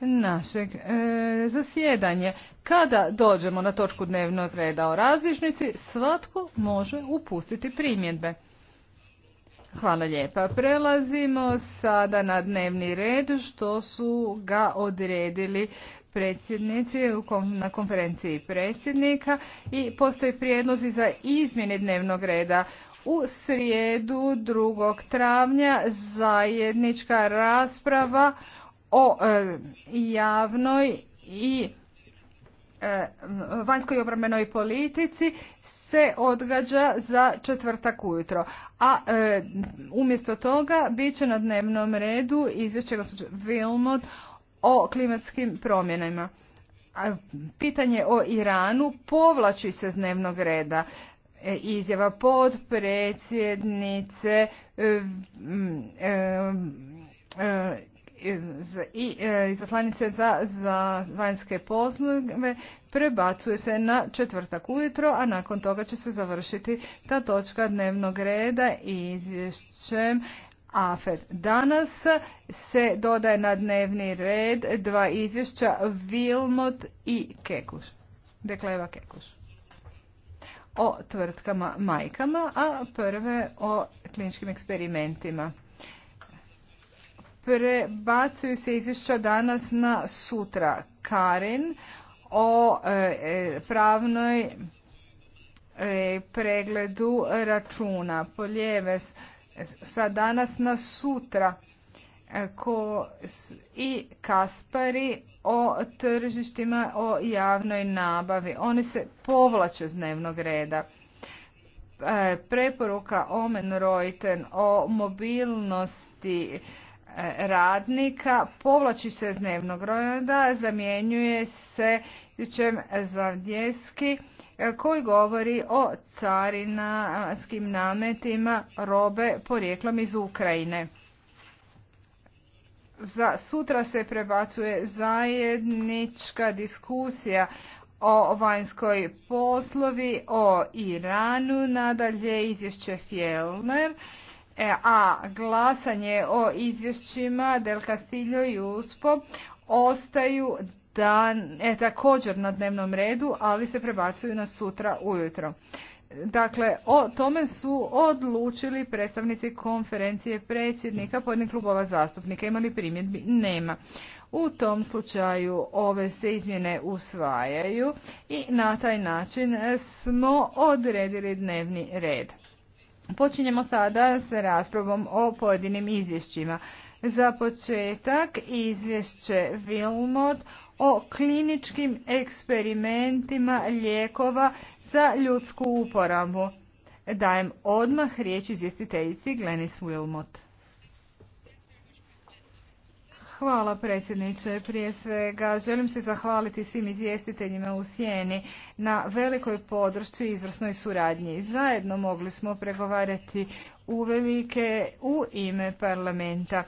našeg e, zasjedanje. Kada dođemo na točku dnevnog reda o različnici, svatko može upustiti primjedbe. Hvala lijepa. Prelazimo sada na dnevni red što su ga odredili predsjednici na konferenciji predsjednika i postoji prijedlozi za izmjene dnevnog reda. U srijedu 2. travnja zajednička rasprava o e, javnoj i e, vanjskoj obrambenoj politici se odgađa za četvrtak ujutro. A e, umjesto toga bit će na dnevnom redu izvješće gospođa Wilmot o klimatskim promjenama. Pitanje o Iranu povlači se s dnevnog reda. Izjava podpredsjednice predsjednice i e, izaslanice za, za vanjske poslove prebacuje se na četvrtak ujutro, a nakon toga će se završiti ta točka dnevnog reda i izvješćem AFED. Danas se dodaje na dnevni red dva izvješća Vilmot i Kekuš. Dekleva Kekuš o tvrtkama majkama, a prve o kliničkim eksperimentima prebacuju se izvješća danas na sutra. Karin o e, e, pravnoj e, pregledu računa. Poljeves sa danas na sutra ko, i Kaspari o tržištima, o javnoj nabavi. Oni se povlače s dnevnog reda. preporuka Omen Reuten o mobilnosti radnika povlači se iz dnevnog reda, zamjenjuje se za e, koji govori o carinarskim nametima robe porijeklom iz Ukrajine. Za sutra se prebacuje zajednička diskusija o vanjskoj poslovi, o Iranu, nadalje izvješće Fjellner. E, a glasanje o izvješćima Del Castillo i USPO ostaju dan, e, također na dnevnom redu, ali se prebacuju na sutra ujutro. Dakle, o tome su odlučili predstavnici konferencije predsjednika pojedinih klubova zastupnika. Imali primjedbi? Nema. U tom slučaju ove se izmjene usvajaju i na taj način smo odredili dnevni red. Počinjemo sada s raspravom o pojedinim izvješćima. Za početak izvješće Wilmot o kliničkim eksperimentima lijekova za ljudsku uporabu. Dajem odmah riječ izvjestiteljici Glenis Wilmot. Hvala predsjedniče. Prije svega želim se zahvaliti svim izvjestiteljima u Sjeni na velikoj podršci izvrsnoj suradnji. Zajedno mogli smo pregovarati uvelike u ime parlamenta.